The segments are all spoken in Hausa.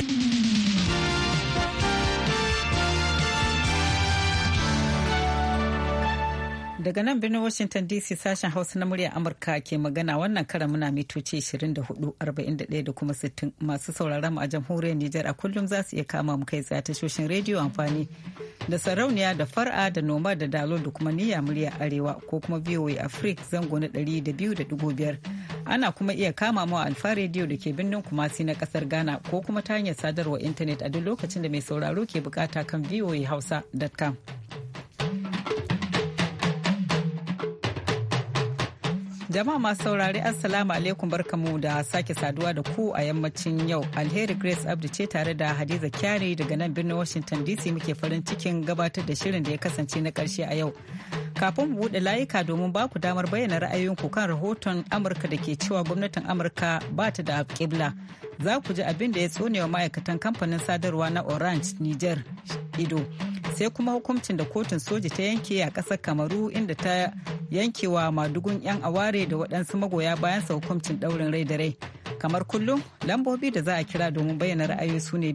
thank you Daga nan birnin Washington DC sashen Hausa na murya Amurka ke magana wannan kara muna mitoci 24,41 da kuma 60 masu sauraron mu a jamhuriyar Nijar a kullum za su iya kama mu kai tsaye tashoshin rediyo amfani da sarauniya da far'a da noma da dalo da kuma niyya murya arewa ko kuma VOA Africa zango na 200.5 ana kuma iya kama mu a alfa rediyo da ke birnin Kumasi na kasar Ghana ko kuma ta hanyar sadarwar intanet a duk lokacin da mai sauraro ke bukata kan voahausa.com. Jama'a masu saurare Assalamu alaikum barkamu da sake saduwa da ku a yammacin yau. Alheri Grace Abdi ce tare da Hadiza Kyari daga nan birnin Washington DC muke farin cikin gabatar da shirin da ya kasance na karshe a yau. Kafin mu buɗe layuka domin ba ku damar bayyana ra'ayoyinku kan rahoton Amurka da ke cewa gwamnatin Amurka ba ta da kibla. Za ku ji abin da ya tsonewa ma'aikatan kamfanin sadarwa na Orange Niger Ido. sai kuma hukuncin da kotun soji ta yanke a ƙasar kamaru inda ta yankewa madugun 'yan aware da waɗansu magoya bayansa hukuncin ɗaurin rai da rai kamar kullum lambobi da za a kira domin bayyana ra'ayi su ne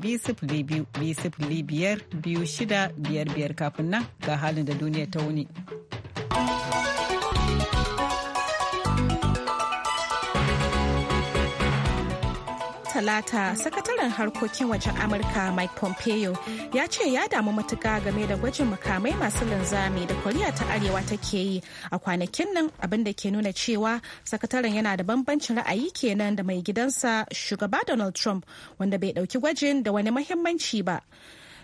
biyar biyu shida biyar biyar kafin nan ga halin da duniya ta wuni. talata sakataren harkokin wajen amurka mike pompeo ya ce ya damu matuka game da gwajin makamai masu linzami da koriya ta arewa take yi a kwanakin nan abin da ke nuna cewa sakataren yana da bambancin ra'ayi kenan da mai gidansa shugaba donald trump wanda bai dauki gwajin da wani mahimmanci ba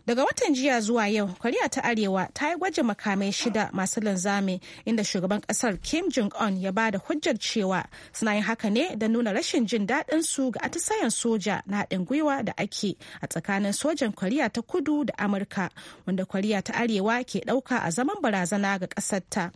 daga watan jiya zuwa yau koriya ta arewa ta yi gwajin makamai shida masu linzami inda shugaban kasar kim jong un ya ba da hujjar cewa suna yin haka ne da nuna rashin jin daɗin su ga atisayen soja na haɗin gwiwa da ake a tsakanin sojan koriya ta kudu da amurka wanda koriya ta arewa ke ɗauka a zaman barazana ga ƙasar ta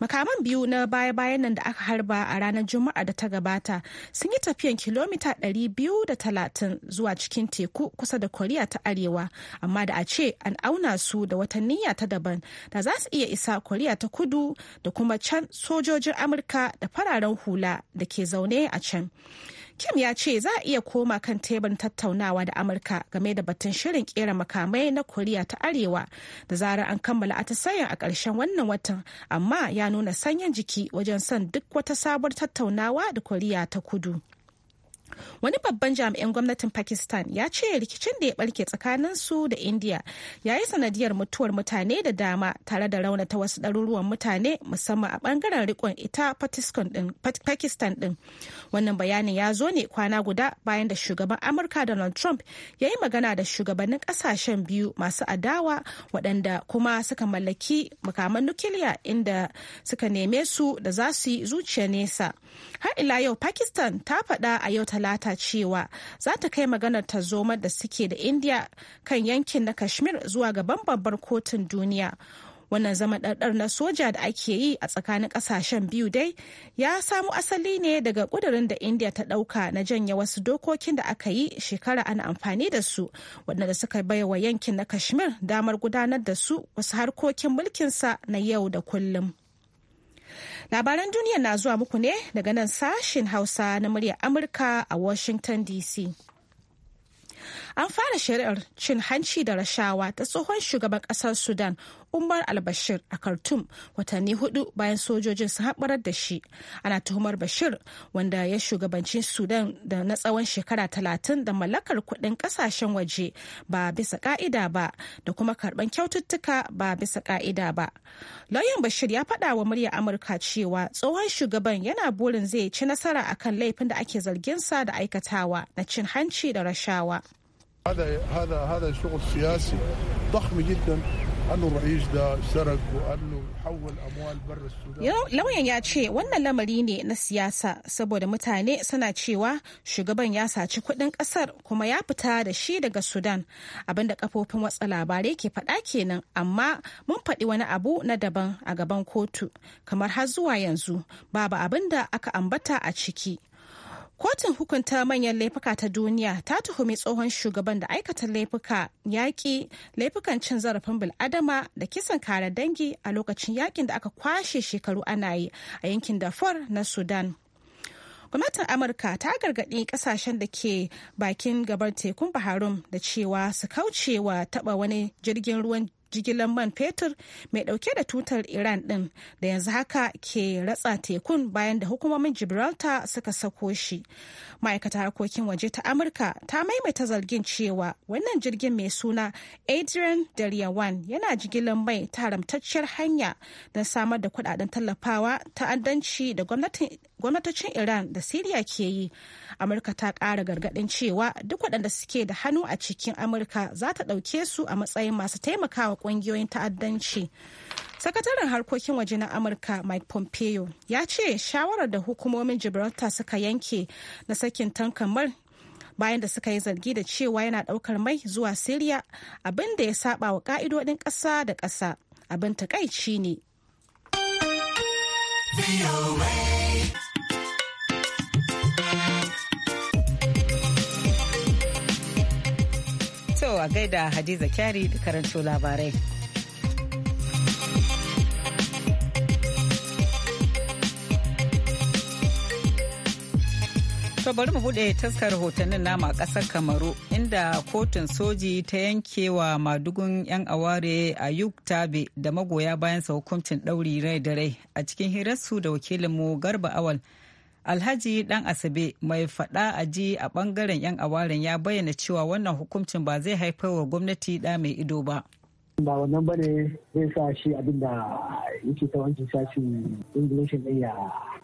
makaman biyu na baya-bayan nan da aka harba a ranar juma'a da ta gabata sun yi tafiyan kilomita 230 zuwa cikin teku kusa da koriya ta arewa amma amma da a ce an auna su da wata niyya ta daban da za su iya isa koriya ta kudu da kuma can sojojin amurka da fararen hula da ke zaune a can kim ya ce za a iya koma kan teburin tattaunawa da amurka game da batun shirin kera makamai na koriya ta arewa da zarar an kammala atisayen a ƙarshen wannan watan amma ya nuna sanyin jiki wajen son duk wata sabuwar tattaunawa da koriya ta kudu wani babban jami'in gwamnatin pakistan ya ce rikicin da ya barke tsakanin su da india ya yi sanadiyar mutuwar mutane da dama tare da raunata wasu ɗaruruwan mutane musamman a ɓangaren rikon ita pakistan ɗin wannan bayanin ya zo ne kwana guda bayan da shugaban amurka donald trump ya yi magana da shugabannin ƙasashen biyu masu adawa waɗanda kuma suka mallaki makaman nukiliya inda suka neme su da za su yi zuciya nesa har ila yau pakistan ta faɗa a yau talata cewa za ta kai maganar ta zoma da suke da indiya kan yankin na kashmir zuwa gaban babbar kotun duniya wannan zama ɗarɗar na soja da ake yi a tsakanin ƙasashen biyu dai ya samu asali ne daga ƙudurin da india ta ɗauka na janye wasu dokokin da aka yi shekara ana amfani da su waɗanda suka bai wa yankin na kashmir damar gudanar da su wasu harkokin mulkinsa na yau da kullum. Labaran duniya na zuwa muku ne daga nan sashin Hausa na muryar Amurka a Washington DC. An fara shari'ar cin hanci da rashawa ta tsohon shugaban kasar Sudan Umar al a Khartoum watanni hudu bayan sojojin su haɓarar da shi. Ana tuhumar Bashir wanda ya shugabancin Sudan da na tsawon shekara talatin da mallakar kuɗin ƙasashen waje ba bisa ƙa'ida ba da kuma karɓar kyaututtuka ba bisa ƙa'ida ba. Lauyan Bashir ya faɗa wa murya Amurka cewa tsohon shugaban yana burin zai ci nasara akan laifin da ake zargin sa da aikatawa na cin hanci da rashawa. هذا هذا هذا شغل سياسي ضخم جدا lauyan ya ce wannan lamari ne na siyasa saboda mutane suna cewa shugaban ya saci kuɗin ƙasar kuma ya fita da shi daga sudan abinda kafofin watsa labarai ke faɗa kenan amma mun faɗi wani abu na daban a gaban kotu kamar har zuwa yanzu babu abin da aka ambata a ciki Kotun hukunta manyan laifuka ta duniya ta tuhumi tsohon shugaban da aikata laifuka yaƙi laifukan cin zarafin bil'adama da kisan kare dangi a lokacin yakin da aka kwashe shekaru ana yi a yankin Darfur na Sudan. Gwamnatin Amurka ta gargaɗi ƙasashen da ke bakin gabar tekun Baharum da cewa su kauce wa taɓa wani jirgin ruwan jigilar man fetur mai dauke da tutar iran din da yanzu haka ke ratsa tekun bayan da hukumomin gibraltar suka sako shi ma'aikatar harkokin waje ta amurka ta maimaita zargin cewa wannan jirgin mai suna adrian one yana jigilar mai ta haramtacciyar hanya don samar da kudaden tallafawa ta'addanci da gwamnatocin iran da siriya ke yi amurka ta kara gargadin cewa duk waɗanda suke da hannu a cikin amurka za ta ɗauke su a matsayin masu taimakawa ƙungiyoyin ta'addanci. Sakataren harkokin waje na Amurka Mike Pompeo ya ce shawarar da hukumomin Gibraltar suka yanke na sakin tankamar bayan da suka yi zargi da cewa yana daukar mai zuwa Siriya abin da ya saba wa ka'idodin ƙasa da ƙasa abin takaici ne. yau a gaida Hadiza Kyari da karanto labarai. To bari mu buɗe taskar hotonin nama a ƙasar Kamaru inda kotun soji ta yanke wa madugun 'yan aware a Tabe da magoya bayansa hukuncin ɗauri rai da rai a cikin hirarsu da wakilinmu Garba Awal. alhaji dan asabe mai fada a ji a bangaren yan awaren ya bayyana cewa wannan hukuncin ba zai haifar wa gwamnati da mai ido ba ba wannan ba zai sa shi abinda yake ta wancan sashin ingilishin ɗaya.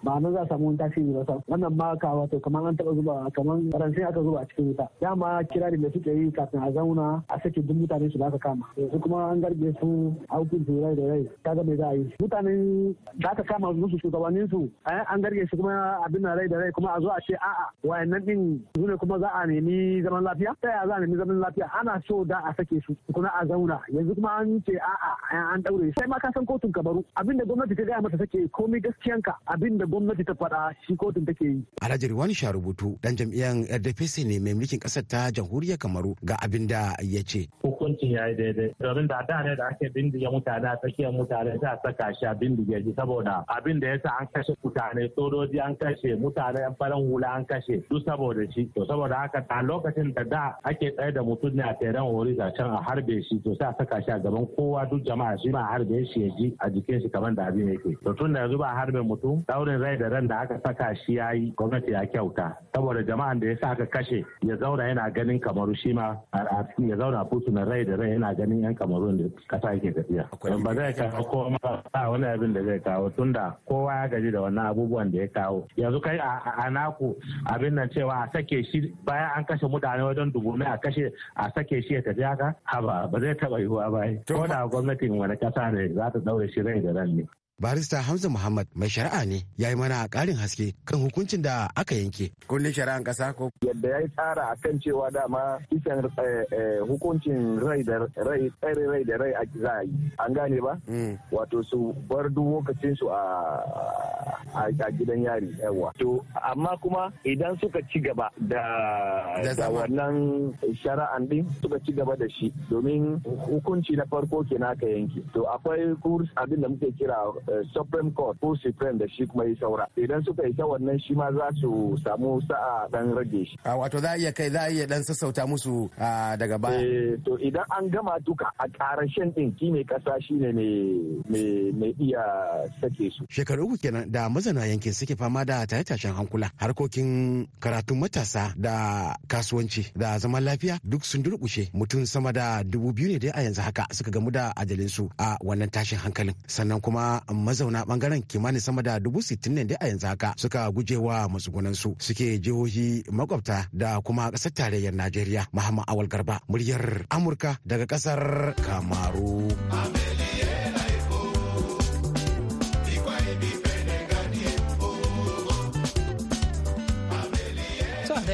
ba na za a samu wani tasiri ba wannan ma ka wato kamar an taba zuba kamar rancen aka zuba a cikin wuta ya ma kira da suke yi kafin a zauna a sake duk mutane su zaka kama yanzu kuma an garbe su a su rai da rai kaga me za a yi mutanen da aka kama musu shugabannin su an garbe su kuma abin rai da rai kuma a zo a ce a'a wayannan din su ne kuma za a nemi zaman lafiya ta yaya za a nemi zaman lafiya ana so da a sake su kuma a zauna yanzu kuma an ce a'a an daure sai ma ka san kotun kabaru abinda gwamnati ta gaya mata take komai gaskiyanka abinda gwamnati ta faɗa shi kotun take yi. Alhaji Riwani Sharubutu dan jam'iyyar RDPC ne mai mulkin kasar ta jamhuriyar Kamaru ga abin da ya ce. Hukuncin ya yi daidai. Domin da da ne da ake bindiga mutane a tsakiyar mutane za a saka shi a bindige shi saboda abin da ya sa an kashe mutane sojoji an kashe mutane yan farin hula an kashe duk saboda shi. To saboda haka a lokacin da da ake tsaye da mutum ne a tseren hori da can a harbe shi to sai a saka shi a gaban kowa duk jama'a shi ma harbe shi ya ji a jikin shi kamar da abin yake. To tun da yanzu ba harbe mutum daurin rai da ran da aka saka shi ya yi gwamnati ya kyauta saboda jama'an da ya sa aka kashe ya zauna yana ganin kamaru shi ma ya zauna fusunan rai da rai yana ganin yan kamaru da kasa yake tafiya ba zai kawo ko ba wani abin da zai kawo tun da kowa ya gaji da wannan abubuwan da ya kawo yanzu kai a naku abin nan cewa a sake shi bayan an kashe mutane wajen dubu a kashe a sake shi ya tafi haka haba ba zai taba yiwuwa ba ko da gwamnatin wani kasa ne za ta daure shi rai da ran ne barista hamza muhammad mai shari'a ne ya yi mana ƙarin haske kan hukuncin da aka yanke kundin shari'an ƙasa ko yadda ya yi tsara a kan cewa dama kisan eh, eh, hukuncin rai da rai tsare rai da rai a za a yi an gane ba hmm. wato su bar duk su a gidan yari yawa to amma kuma idan suka ci gaba da wannan shari'an din suka ci gaba da shi domin hukunci na farko kenan aka yanke to akwai kurs abin muke kira Eh, supreme court ko supreme da shi kuma yi saura idan suka yi ta wannan shi ma za su samu sa'a dan rage shi ah, wato za a iya kai za a iya dan sassauta musu ah, daga baya eh, to idan an gama duka a karashen din ne kasa shi ne mai iya sake su shekaru uku kenan da mazana yankin suke fama da tashe-tashen hankula harkokin karatun matasa da kasuwanci da zaman lafiya duk sun durkushe mutum sama da dubu biyu ne dai a yanzu haka suka gamu da ajalinsu a wannan tashin hankalin sannan kuma mazauna bangaren kimanin sama da dubu sittin ne a yanzu haka suka guje wa matsugunansu suke jihohi makwabta da kuma ƙasar tarayyar najeriya muhammad awal garba muryar amurka daga ƙasar kamaru.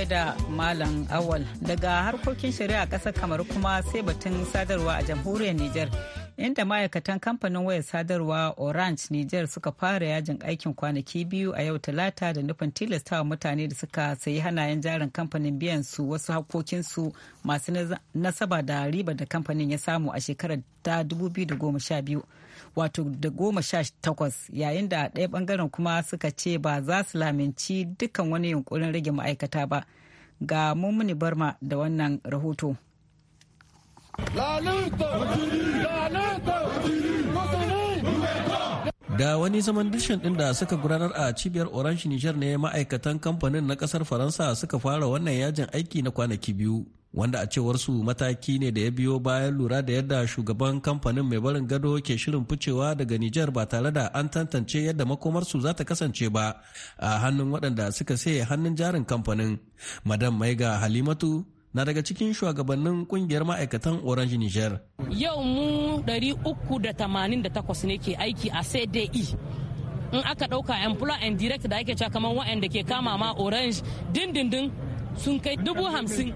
da Malam Awal daga harkokin shari'a ƙasar kamar kuma sai batun sadarwa a jamhuriyar Nijar. inda ma'aikatan kamfanin wayar sadarwa orange niger suka fara yajin aikin kwanaki biyu a yau talata da nufin tilastawa mutane da suka sayi hanayen jarin kamfanin biyan su wasu hakokinsu masu nasaba da riba da kamfanin ya samu a shekarar ta 2012 wato da goma sha takwas yayin da ɗaya bangaren kuma suka ce ba za su laminci dukkan wani yunkurin rage ma'aikata ba ga mummuni barma da wannan rahoto. da wani zaman dushen din da suka gudanar a cibiyar orange niger ne ma'aikatan kamfanin na kasar faransa suka fara wannan yajin aiki na kwanaki biyu wanda a cewar su mataki ne da ya biyo bayan lura da yadda shugaban kamfanin mai barin gado ke shirin ficewa daga niger ba tare da an tantance yadda makomarsu za ta kasance ba a hannun waɗanda suka saye hannun jarin kamfanin madam maiga halimatu na daga cikin shugabannin kungiyar ma'aikatan Orange Niger. Yau mu 388 ne ke aiki a CDI. E. In aka ɗauka employer and direct da ake cewa kamar waɗanda ke kama ma Orange dindindin sun kai dubu hamsin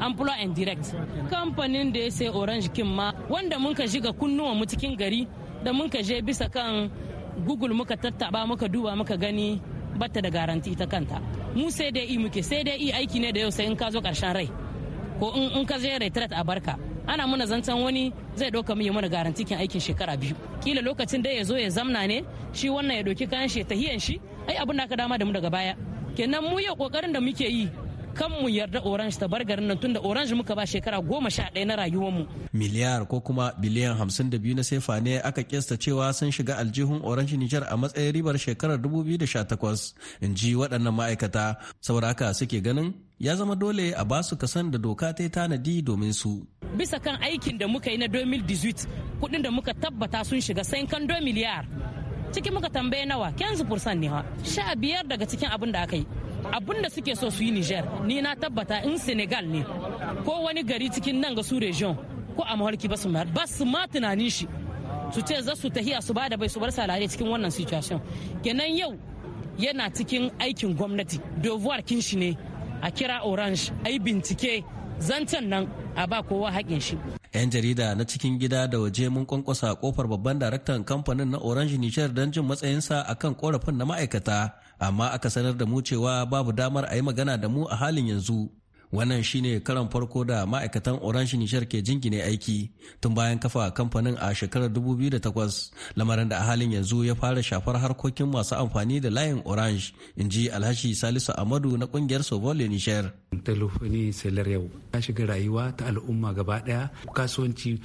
employer and direct. Kamfanin da ya sai Orange kin ma wanda mun ka shiga kunnuwa mu cikin gari da mun ka je bisa kan Google muka tattaba muka duba muka gani bata da garanti ta kanta. Mu sai dai e muke sai dai e aiki ne da yau sai in ka zo karshen rai. ko in ka zai retret a barka ana muna zancen wani zai ɗauka mu yi mana garantikin aikin shekara biyu kila lokacin da ya zo ya zamna ne shi wannan ya ɗauki kayan shi tahiyan shi ai abin da aka dama da mu daga baya kenan mu yau kokarin da muke yi kan mu yarda orange ta bar garin nan tunda orange muka ba shekara goma sha ɗaya na rayuwar mu. miliyar ko kuma biliyan hamsin da biyu na sefa ne aka kesta cewa sun shiga aljihun orange niger a matsayin ribar shekarar 2018 in ji waɗannan ma'aikata sauraka suke ganin ya zama dole a ba su kasan da doka ta tanadi domin su. Bisa kan aikin da muka yi na 2018 kuɗin da muka tabbata sun shiga sai kan 2 miliyar. cikin muka tambaye nawa 15% ne ha. Sha biyar daga cikin abin da aka yi. abin da suke so su yi Niger ni na tabbata in Senegal ne ko wani gari cikin nan ga su region ko a mahalki ba su ba su ma tunanin shi su ce za su tahiya su ba da bai su bar salari cikin wannan situation kenan yau yana cikin aikin gwamnati devoir kin shi ne a kira orange ai bincike zancen nan a ba kowa haƙin shi 'yan jarida na cikin gida da waje mun kwankwasa kofar babban daraktan kamfanin na orange nijar don jin matsayinsa akan korafin na ma'aikata amma aka sanar da mu cewa babu damar a yi magana da mu a halin yanzu wannan shine karan farko da ma'aikatan orange nishar ke jingine aiki tun bayan kafa kamfanin a shekarar 2008 lamarin da a halin yanzu ya fara shafar harkokin masu amfani da layin orange in ji alhashi salisu amadu na kungiyar sovole nishar telefoni selar yau ta shiga rayuwa ta al'umma gaba daya kasuwanci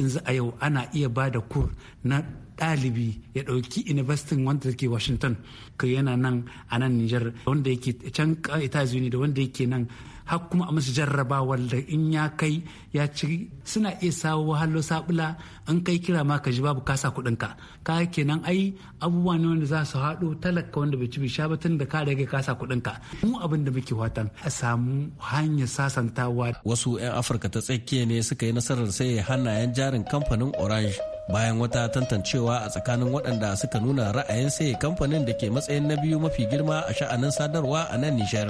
in za a yau ana iya ba da kur na ɗalibi ya ɗauki university wanda take washington ka yana nan a nan niger wanda yake can etats unis da wanda yake nan har kuma a musu jarrabawar da in ya kai ya ci suna iya sawo wahalar sabula an kai kira ma ka ji babu kasa kuɗinka ka nan ai abubuwa ne wanda za su haɗo talaka wanda bai ci bai sha ba tun da ka rage kasa kuɗinka mu abin da muke watan a samu hanyar sasantawa wasu 'yan afirka ta tsakiya ne suka yi nasarar sai hannayen jarin kamfanin orange bayan wata tantancewa a tsakanin waɗanda suka nuna ra'ayin sai kamfanin da ke matsayin na biyu mafi girma a sha'anin sadarwa a nan Nijar.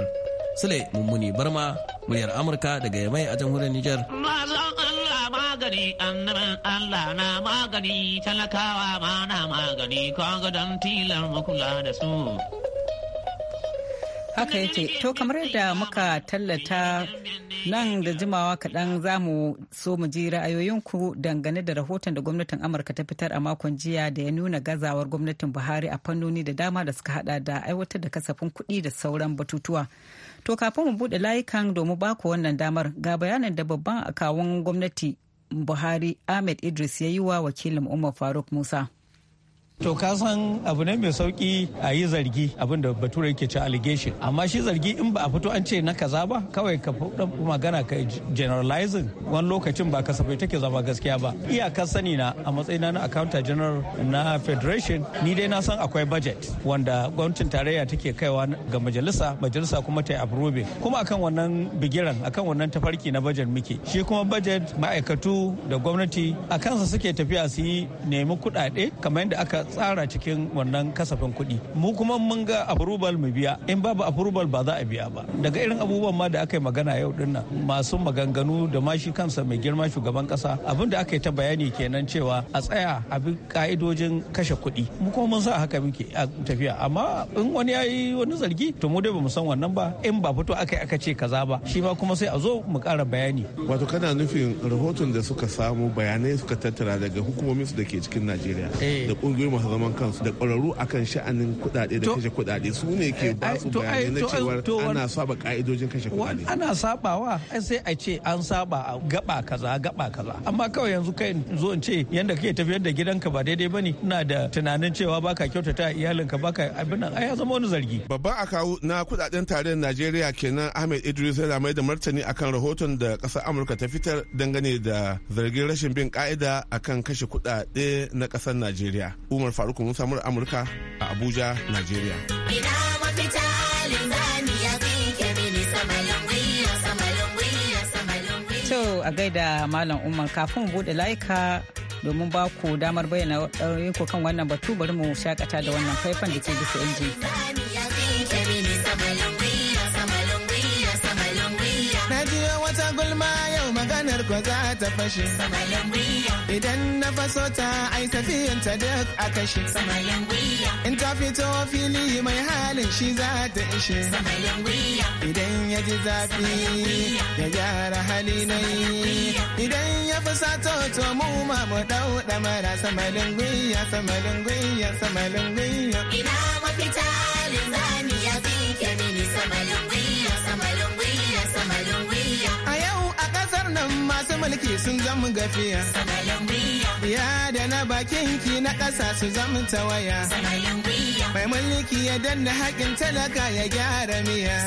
Sule Mummuni Barma, muryar Amurka daga Yamai a jamhuriyar Nijar. magani annabin Allah na magani talakawa ma na magani kaga don tilar makula da su. Haka yake, to kamar yadda muka tallata Nan da jimawa kaɗan za mu so mu ji ra'ayoyinku dangane da rahoton da gwamnatin Amurka ta fitar a makon jiya da ya nuna gazawar gwamnatin Buhari a fannoni da dama da suka hada da aiwatar da kasafin kuɗi da sauran batutuwa. To kafin mu buɗe layukan domin baku wannan damar ga bayanin da babban akawun gwamnati Buhari Ahmed Idris ya yi wa wakilin Umar Faruk Musa. To ka san abu ne mai sauki a yi zargi abin da bature yake ci allegation amma shi zargi in ba a fito an ce na kaza ba kawai ka dan magana ka generalizing wani lokacin ba kasafai take zama gaskiya ba Iya sani na a matsayina na accountant general na federation ni dai na san akwai budget wanda gwamnatin tarayya take kaiwa ga majalisa majalisa kuma ta yi approve kuma akan wannan bigiran akan wannan tafarki na budget muke shi kuma budget ma'aikatu da gwamnati akansa suke tafiya su yi nemi kuɗaɗe kamar yadda aka tsara cikin wannan kasafin kuɗi mu kuma mun ga approval mu biya in babu approval ba za a biya ba daga irin abubuwan ma da aka yi magana yau din masu maganganu da ma shi kansa mai girma shugaban kasa abin da aka yi ta bayani kenan cewa a tsaya a bi ka'idojin kashe kuɗi mu kuma mun sa haka muke a tafiya amma in wani ya yi wani zargi to mu dai ba mu san wannan ba in ba fito aka aka ce kaza ba shi ma kuma sai a zo mu ƙara bayani wato kana nufin rahoton da suka samu bayanai suka tattara daga hukumomin su da ke cikin najeriya eh. da ƙungiyoyin masu zaman kansu da ƙwararru akan sha'anin kuɗaɗe da kashe kuɗaɗe su ne ke eh, ba su eh, bayanai eh, na cewar ana saba ka'idojin kashe kuɗaɗe. Ana sabawa ai sai a ce an saba a gaba kaza gaba kaza amma kawai yanzu kai zo in ce yanda kake tafiyar da gidanka ba daidai bane ina da tunanin cewa baka kyautata iyalinka baka abin nan ai ya zama wani zargi. Babban akawu na kuɗaɗen tarayyar Najeriya kenan Ahmed Idris yana mai da martani akan rahoton da ƙasar Amurka ta fitar dangane da zargin rashin bin ka'ida akan kashe kuɗaɗe na ƙasar Najeriya. Umar Umar Faruk Musa Amurka a Abuja, Najeriya. Ina To a gaida Malam Umar kafin buɗe laika domin ba ku damar bayyana ko kan wannan batu bari mu shakata da wannan faifan da ke bisa inji. Na wata gulma maganar ko za ta fashe. Idan na faso ta ai safiyan ta duk a kashe. In ta fito fili mai halin shi za ta ishe. Idan ya ji zafi ya gyara hali nai. Idan ya fi sato to mu ma mu dau marasa samalin gwiya samalin gwiya samalin gwiya. Ina mafita linzani ya fi kemini samalin samalin nan masu mulki sun zama gafiya. Ya da na bakin ki na ƙasa su zama tawaya. Mai mulki ya danna haƙin talaka ya gyara miya.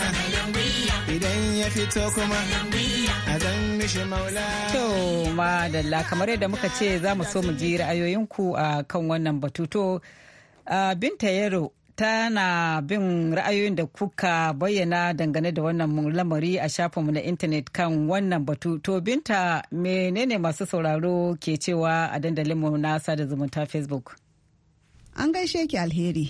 Idan ya fito kuma a zan mishi maula. To madalla kamar yadda muka ce za mu so mu ji ra'ayoyinku a kan wannan batuto. Binta Yaro tana bin ra'ayoyin da kuka bayyana dangane da wannan lamari a shafinmu na intanet kan wannan batu. To binta menene masu sauraro ke cewa a dandalinmu na sada zumunta Facebook? An gaishe ki alheri.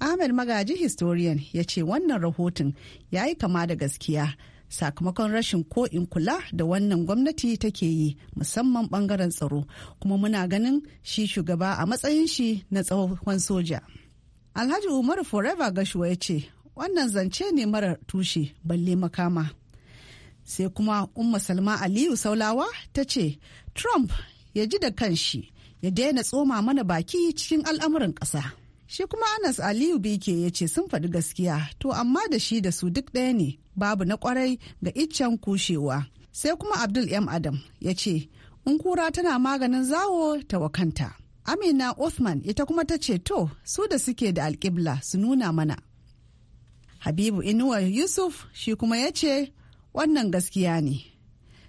Ahmed Magaji historian ya ce wannan rahoton ya yi kama da gaskiya sakamakon rashin ko'in kula da wannan gwamnati take yi musamman bangaren tsaro kuma muna ganin shi shugaba a matsayin shi na tsohon soja. Alhaji Umaru Forever Gashuwa ya ce, wannan zance ne mara tushe balle makama. Sai kuma Umma Salma Aliyu Saulawa ta ce, Trump ya ji da kanshi ya daina tsoma mana baki cikin al'amuran ƙasa. Shi kuma Anas Aliyu Bike ya ce sun faɗi gaskiya, to amma da shi da su duk ɗaya ne babu na ƙwarai ga iccen kushewa. Sai kuma Abdul M. Adam ya ce, in kura tana maganin zawo ta wakanta. Amina Othman ita kuma ta ce to su da suke da alƙibla su nuna mana. Habibu Inuwa Yusuf shi kuma ya ce wannan gaskiya ne.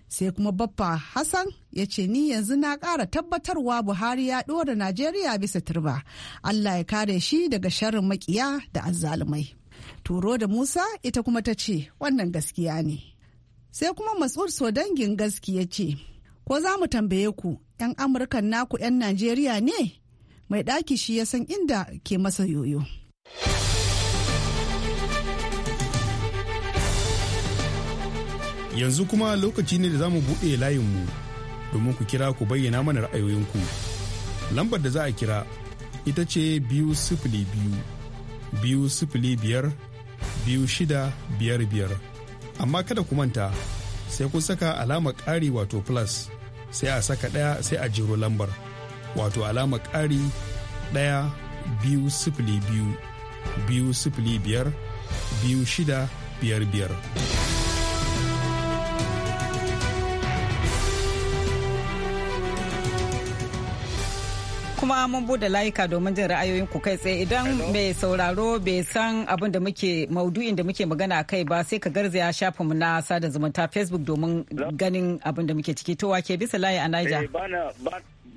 Sai kuma Baffa Hassan ya ce ni yanzu na ƙara tabbatarwa Buhari ya ɗora Najeriya bisa turba. Allah ya kare shi daga sharrin makiya da azzalumai. Turo da Musa ita kuma ta ce wannan gaskiya ne. Sai kuma Masud Sodangin gaskiya ce, ko za mu tambaye ku 'yan amurkan naku 'yan najeriya ne mai ɗaki shi ya san inda ke masa yoyo yanzu kuma lokaci ne da za mu buɗe layinmu domin ku kira ku bayyana mana ra'ayoyinku lambar da za a kira ita ce biyu sifili biyu biyu sifili amma kada ku manta sai ku saka alamar ƙari wato plus sai a saka ɗaya sai a jiro lambar wato alama ƙari ɗaya biyu sifili biyu biyu sifili biyar biyu shida biyar biyar. kuma mun bude layuka domin jin ra'ayoyin ku kai tsaye idan mai sauraro bai san abin da muke maudu'in da muke magana a kai ba sai ka garzaya shafin mu na sada zumunta facebook domin ganin abin da muke ciki to wake bisa layi a eh, naija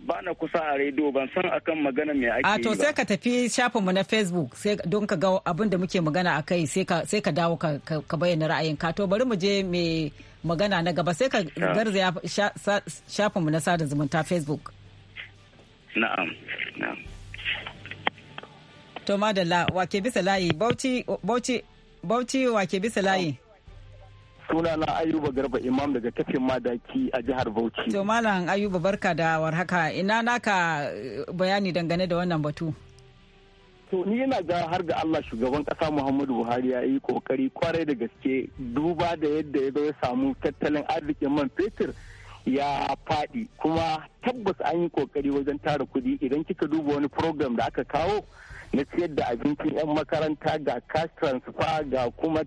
ba na kusa a rediyo ban san akan magana mai ake a to sai ka tafi shafin mu na facebook sai don ka ga abin da muke magana a kai sai ka dawo ka bayyana ra'ayinka to bari mu je mai magana na gaba sai ka garzaya shafin mu na sada zumunta facebook Na'am. Na'am. To madalla wake bisa layi Bauchi wake bisa layi. Sunana Ayuba Garba Imam daga kafin madaki a jihar Bauchi. To malam Ayuba barka da warhaka ina naka eh, bayani dangane da wannan batu. To ni yana ga har ga Allah shugaban kasa Muhammadu Buhari ya yi kokari kwarai da gaske duba da yadda ya samu tattalin arzikin man fetur. ya faɗi kuma tabbas an yi kokari wajen tara kuɗi idan kika duba wani program da aka kawo na siyar da abincin 'yan makaranta ga cash transfer ga kuma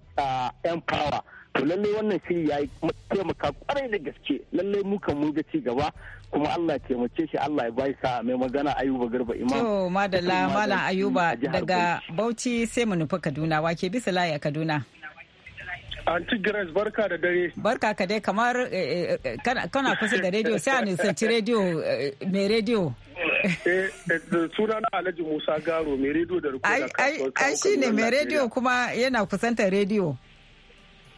yan ah, power to lallai wannan shiri ya yi taimaka kwarai da gaske lallai muka mun ga ci gaba kuma Allah taimake shi Allah ya bai sa mai magana Ayuba Garba Imam. To madalla malam Ayuba daga Bauchi sai mu nufi Kaduna wake bisa layi a Kaduna. Anti Grace barka da dare. Barka ka dai kamar eh, eh, eh, kana kusa da rediyo sai a nisanci rediyo mai rediyo. Suna Alhaji Musa Garo mai rediyo da rikoda. Ai shi ne mai rediyo kuma yana kusantar rediyo.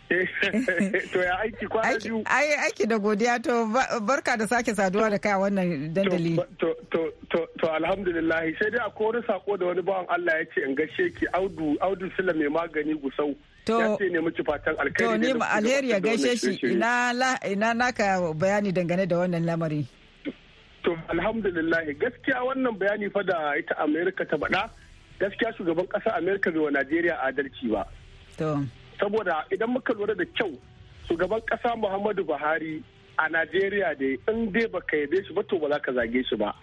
to ya aiki kwana biyu. Ai aiki da godiya to barka da sake saduwa da kai a wannan dandali. To alhamdulillah sai dai akwai wani sako da wani bawan Allah ya ce in gashe ki Audu Audu Sula mai magani gusau. To ya ce ne miki fatan alkhairi. To ni alheri ya gaishe shi ina ina naka bayani dangane da wannan lamari. To alhamdulillah gaskiya wannan bayani fa da ita Amerika ta baɗa gaskiya shugaban kasa Amerika bai wa Najeriya adalci ba. To. saboda idan muka lura da kyau shugaban kasa muhammadu buhari a najeriya da in dai baka yabe shi ba to ba za ka zage shi ba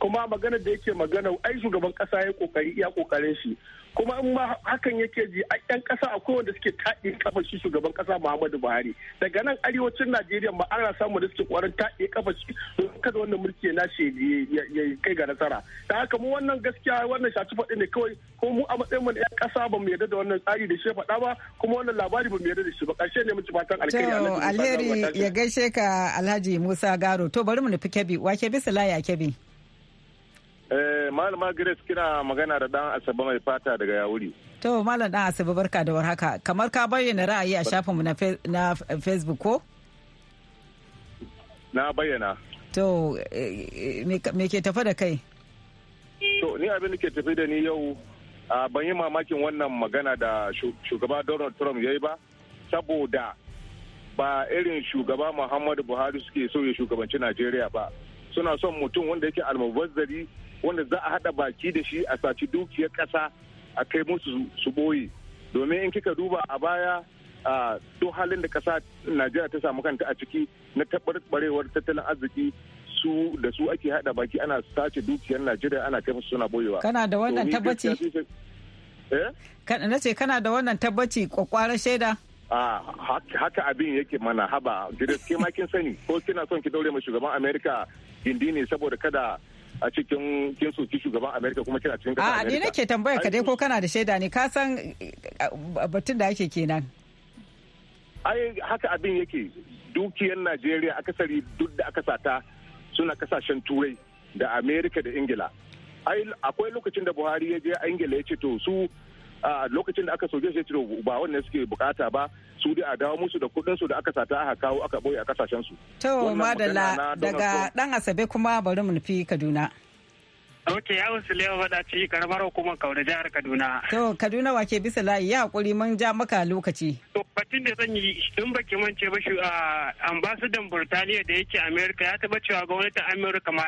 kuma magana da yake magana ai shugaban kasa ya kokari iya kokarin shi kuma in ma hakan yake ji a yan kasa akwai wanda suke taɗe kafa shi shugaban kasa Muhammadu Buhari daga nan arewacin Najeriya ma ana samu da suke kwarin taɗe kafa shi kada wannan mulki na shi ya kai ga nasara da haka mu wannan gaskiya wannan shaci faɗi ne kawai ko mu a matsayin mu na yan kasa ba mu yarda da wannan tsari da shi faɗa ba kuma wannan labari ba mu yarda da shi ba ƙarshe ne mu ci fatan to alheri ya gaishe ka Alhaji Musa Garo to bari mu nufi kebi wa Kebbi Salaya kebi Malam Grace kina magana da dan Asabe mai fata daga Yawuri. To malam dan Asabe barka da warhaka. Kamar ka bayyana ra'ayi a shafinmu na Facebook ko? Na bayyana. To eh, eh, me ke tafa da kai? To ni abin da ke tafi da ni yau ban yi mamakin wannan magana da shugaba Donald Trump yayi yi ba saboda ba irin shugaba Muhammadu Buhari suke so ya shugabanci Najeriya ba. Suna son mutum wanda yake almubazzari wanda za a hada baki da shi a saci dukiyar kasa a kai musu su boye domin in kika duba a baya duk halin da ƙasa najeriya ta samu kanta a ciki na taɓarɓarewar tattalin arziki su da su ake hada baki ana sace dukiyar najeriya ana kai musu suna boyewa kana da wannan tabbaci eh? na ce kana da wannan tabbaci kwakwaran shaida haka abin yake mana haba da ma kin sani ko kina son ki daure ma shugaban america gindi ne saboda kada a cikin kin soki shugaban Amerika kuma kina cikin kasa Amerika. A ne nake tambayar ka dai ko kana da shaida ne ka san eh, batun da ake kenan. Ai haka abin yake dukiyar Najeriya akasari duk da aka sata suna kasashen Turai da Amerika da Ingila. Ai akwai lokacin da Buhari ya je Ingila ya ce to su lokacin da aka soke shi ba wannan suke bukata ba su dai a dawo musu da kudin su da aka sata aka kawo aka boye a kasashen su. To madalla daga dan Asabe kuma bari mu nufi Kaduna. Ok, ya lewa faɗa ci karamar hukumar Kauna jihar Kaduna. To, Kaduna wake bisa layi ya haƙuri mun ja maka lokaci. To, batun da zan yi in baki mance ba shi a ah, ambasadan Burtaniya da yake Amerika ya taba cewa gwamnatin Amerika ma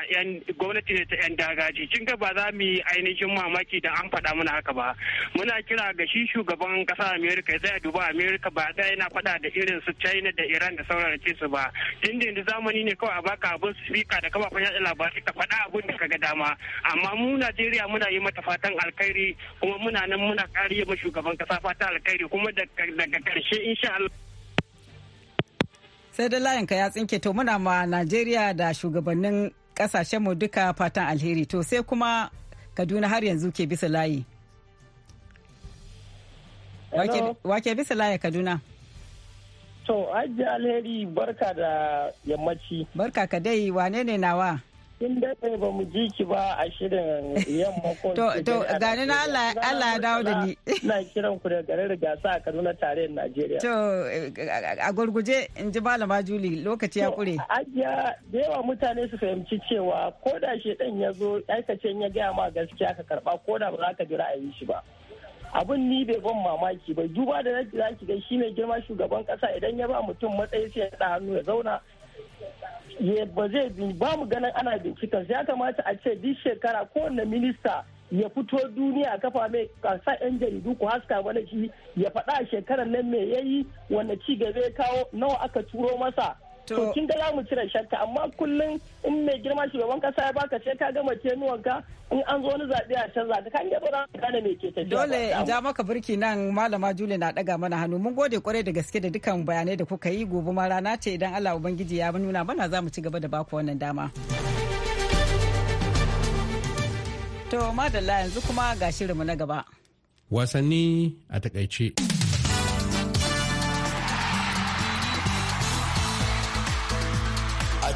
gwamnati ne ta 'yan dagaji. Kin ga ba za mu yi ainihin mamaki da an faɗa mana haka ba. Muna kira ga shi shugaban ƙasar Amerika ya tsaya duba Amerika ba a yana faɗa da irin su China da Iran da sauran su ba. Tun da zamani ne kawai a baka abin spika da kafafen yaɗa labarai ka faɗa abin da ka ga dama. amma mu najeriya muna yi mata fatan alkhairi kuma muna nan muna kariya ma shugaban kasa fatan alkhairi kuma daga karshe insha Allah sai da layinka ya tsinke to muna ma najeriya da shugabannin kasashen mu duka fatan alheri to sai kuma kaduna har yanzu ke bisa layi wake bisa layi kaduna to ajiye alheri barka da yammaci barka ka dai wane ne nawa kin daɗe ba mu ji ki ba a shirin yamma ko to to gani na Allah ya dawo da ni ina kiran ku da garin gasa a Kaduna tarayyar Najeriya to a gurguje in ji malama Juli lokaci ya kure ajiya da yawa mutane su fahimci cewa ko da shi dan ya zo aikacen ya gaya ma gaskiya ka karba ko da ba za ka ji ra'ayin shi ba abin ni bai ban mamaki ba duba da na ki ga shine girma shugaban kasa idan ya ba mutum matsayi sai ya hannu ya zauna ba zai ba mu ganin ana bincika ya kamata a ce duk shekara kowane minista ya fito duniya a kafa mai kasa 'yan jaridu ku haska mana shi ya faɗa shekarar nan me yayi wanda ci gaba ya kawo nawa aka turo masa to kin ga za mu cire shakka amma kullum in mai girma shugaban kasa ya baka sai ka gama ka in an zo wani zaɓe a canza ta kan gaba za gane me ke tafiya dole in ja maka birki nan malama jule na daga mana hannu mun gode kwarai da gaske da dukkan bayanai da kuka yi gobe ma rana ce idan Allah ubangiji ya nuna mana za mu ci gaba da baku wannan dama to madalla yanzu kuma ga shirinmu na gaba wasanni a takaice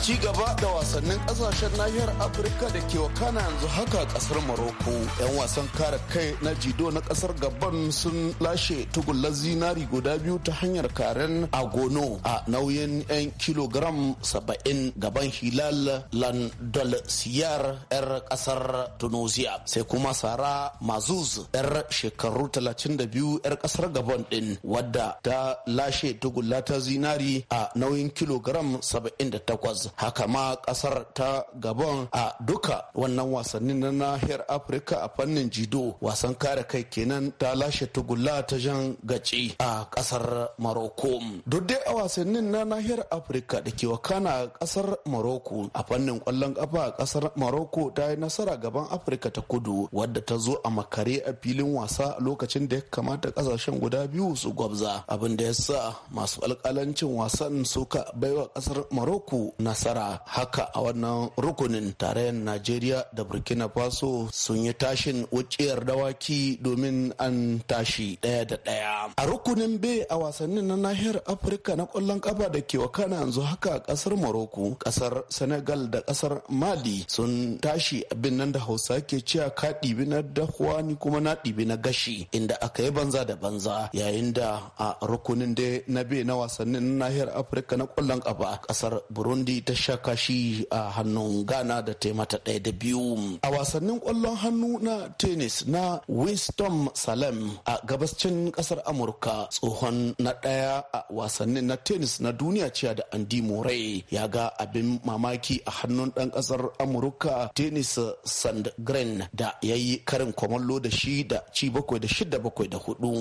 ci gaba da wasannin kasashen nahiyar afirka da ke wakana yanzu haka kasar Morocco. yan wasan kare kai na jido na kasar gabon sun lashe tugullar zinari guda biyu ta hanyar karen agono a nauyin 'yan kilogram 70 gaban hilal landol siyar 'yar kasar tunisia sai kuma sara mazuz 'yar shekaru 32 'yar kasar gabon din wadda ta lashe tugulla ta zinari a nauyin kilogram 78 haka ma kasar ta Gabon a duka wannan wasannin na nahiyar Afirka a fannin jido wasan kare kai kenan ta lashe Tugula ta jan gaci a kasar maroko duk dai a wasannin na nahiyar Afirka da ke wakana a kasar maroko a fannin kwallon kafa a kasar maroko ta yi nasara gaban Afirka ta kudu wadda ta zo a makare a filin wasa lokacin da ya kamata kasashen guda biyu su gwabza abin da ya sa masu alkalancin wasan suka baiwa kasar maroko na nasara haka a wannan rukunin tarayyar najeriya da burkina faso sun yi tashin wuciyar dawaki domin an tashi ɗaya da ɗaya a rukunin b a wasannin na nahiyar afirka na ƙwallon ƙafa da ke wakana yanzu haka ƙasar morocco ƙasar senegal da ƙasar mali sun tashi abin nan da hausa ke cewa ka ɗibi na dahuwa ni kuma na ɗibi na gashi inda aka yi banza da banza yayin da a rukunin da na b na wasannin na nahiyar afirka na ƙwallon ƙafa ƙasar burundi ta shaka shi a hannun ghana da ta mata ɗaya da biyu a wasannin kwallon hannu na tennis na winston salem a gabascin kasar amurka tsohon na ɗaya a wasannin na tennis na duniya ciya da andy murray ya ga abin mamaki a hannun ɗan ƙasar amurka tennis sandgren da ya yi karin kwamallo da shi da ci bakwai da shida bakwai da hudu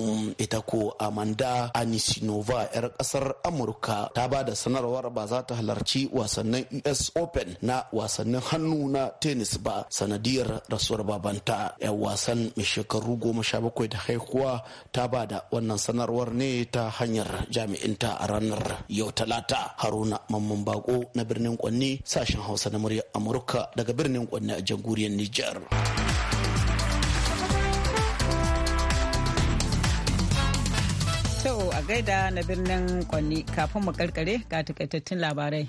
ita ko amanda anisinova 'yar ƙasar amurka ta ba da sanarwar ba za ta halarci wasan wasannin US Open na wasannin hannu na tennis ba sanadiyar rasuwar babanta. 'Yan wasan mai shekaru goma sha bakwai da haihuwa ta ba da wannan sanarwar ne ta hanyar jami'inta a ranar yau talata. Haruna Mamman Bako na birnin Kwanni sashen Hausa na muryar Amurka daga birnin Kwanni a jamhuriyar Nijar. To a gaida na birnin Kwanni kafin mu karkare ga takaitattun labarai.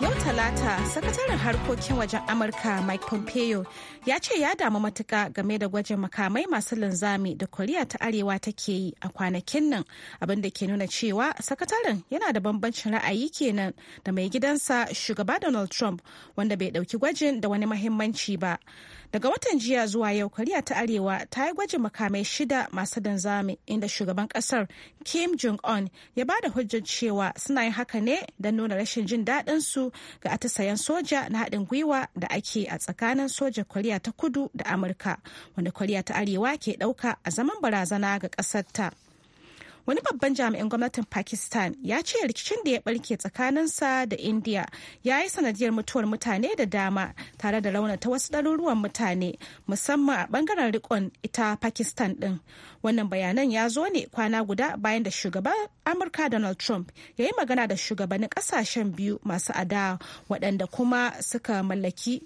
yau talata sakataren harkokin wajen amurka mike pompeo ya ce ya damu matuka game da gwajin makamai masu linzami da koriya ta arewa take yi a kwanakin nan abinda ke nuna cewa sakataren yana da bambancin ra'ayi kenan da mai gidansa shugaba donald trump wanda bai dauki gwajin da wani mahimmanci ba Daga watan jiya zuwa yau, Koriya ta Arewa ta yi gwajin makamai shida masu danzami inda shugaban kasar Kim Jong-un ya ba da hujjar cewa suna yin haka ne don nuna rashin jin daɗin su ga atisayen soja na haɗin gwiwa da ake a tsakanin soja Koriya ta Kudu da Amurka, wanda Koriya ta Arewa ke ɗauka a zaman barazana ga ƙasarta. ta. wani babban jami'in gwamnatin pakistan ya ce rikicin da ya barke tsakaninsa da india ya yi sanadiyar mutuwar mutane da dama tare da raunata wasu ɗaruruwan mutane musamman a ɓangaren rikon ita pakistan ɗin Wannan bayanan ya zo ne kwana guda bayan da shugaban Amurka Donald Trump ya yi magana da shugabannin kasashen biyu masu ada waɗanda kuma suka mallaki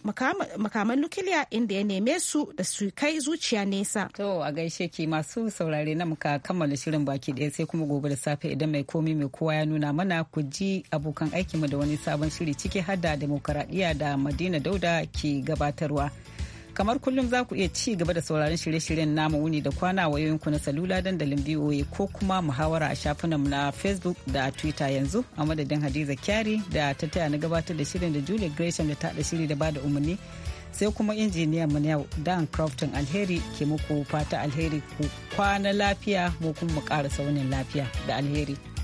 makaman nukiliya inda ya neme su da su kai zuciya nesa. To a gaishe ki masu saurare na muka kammala shirin baki ɗaya sai kuma gobe da safe idan mai komi mai kowa ya nuna mana ku ji abokan aikinmu da wani sabon shiri ciki har da da Madina Dauda ke gabatarwa. kamar kullum za ku iya ci gaba da sauraron shirye-shiryen namu wuni da kwana wayoyinku na salula dandalin voa ko kuma muhawara a shafinanmu na facebook da twitter yanzu a madadin hadiza kyari da ta taya na gabatar da shirin da julia gresham da ta shiri da bada umarni sai kuma injiniyan mu yau dan crofton alheri ke muku fata alheri ku kwana lafiya mu kuma mu kara saunin lafiya da alheri.